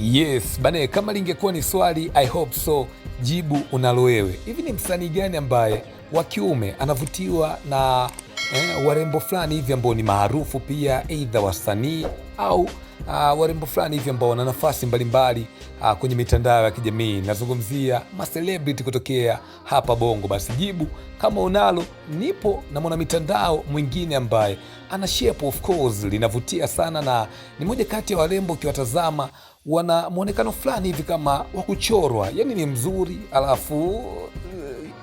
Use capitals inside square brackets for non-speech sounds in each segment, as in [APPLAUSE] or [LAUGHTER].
Yes bane, kama lingekuwa ni swali I hope so, jibu unalo wewe. Hivi ni msanii gani ambaye wa kiume anavutiwa na eh, warembo fulani hivi ambao ni maarufu pia, aidha wasanii au uh, warembo fulani hivi ambao wana nafasi mbalimbali uh, kwenye mitandao ya kijamii. Nazungumzia macelebrity kutokea hapa Bongo. Basi jibu kama unalo, nipo na mwana mitandao mwingine ambaye ana shape of course linavutia sana, na ni moja kati ya warembo ukiwatazama wana mwonekano fulani hivi kama wa kuchorwa, yani ni mzuri alafu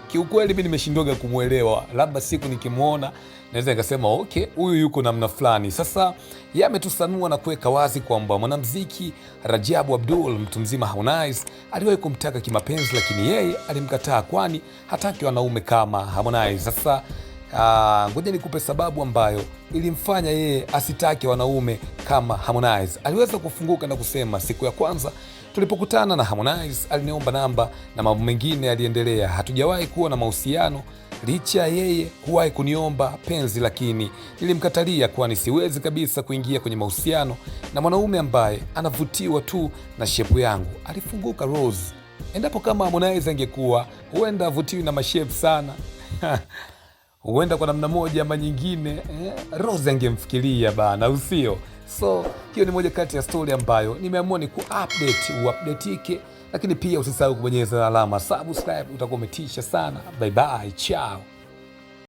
kiukweli mi nimeshindwaga kumwelewa, labda siku nikimwona naweza nikasema okay, huyu yuko namna fulani. Sasa ye ametusanua na kuweka wazi kwamba mwanamuziki Rajabu Abdul, mtu mzima Harmonize, aliwahi kumtaka kimapenzi, lakini yeye alimkataa, kwani hataki wanaume kama Harmonize. Sasa Ah, ngoja nikupe sababu ambayo ilimfanya yeye asitake wanaume kama Harmonize. Aliweza kufunguka na kusema, siku ya kwanza tulipokutana na Harmonize aliniomba namba na mambo mengine yaliendelea. Hatujawahi kuwa na mahusiano licha ya yeye kuwahi kuniomba penzi, lakini nilimkatalia, kwani siwezi kabisa kuingia kwenye mahusiano na mwanaume ambaye anavutiwa tu na shepu yangu. Alifunguka Rose. Endapo kama Harmonize angekuwa huenda avutiwi na mashepu sana [LAUGHS] huenda kwa namna moja ama nyingine eh, Rose angemfikiria bana, usio so. Hiyo ni moja kati ya stori ambayo nimeamua ni kuupdate, uupdateike, lakini pia usisahau kubonyeza alama subscribe, utakuwa umetisha sana. Bye bye, chao.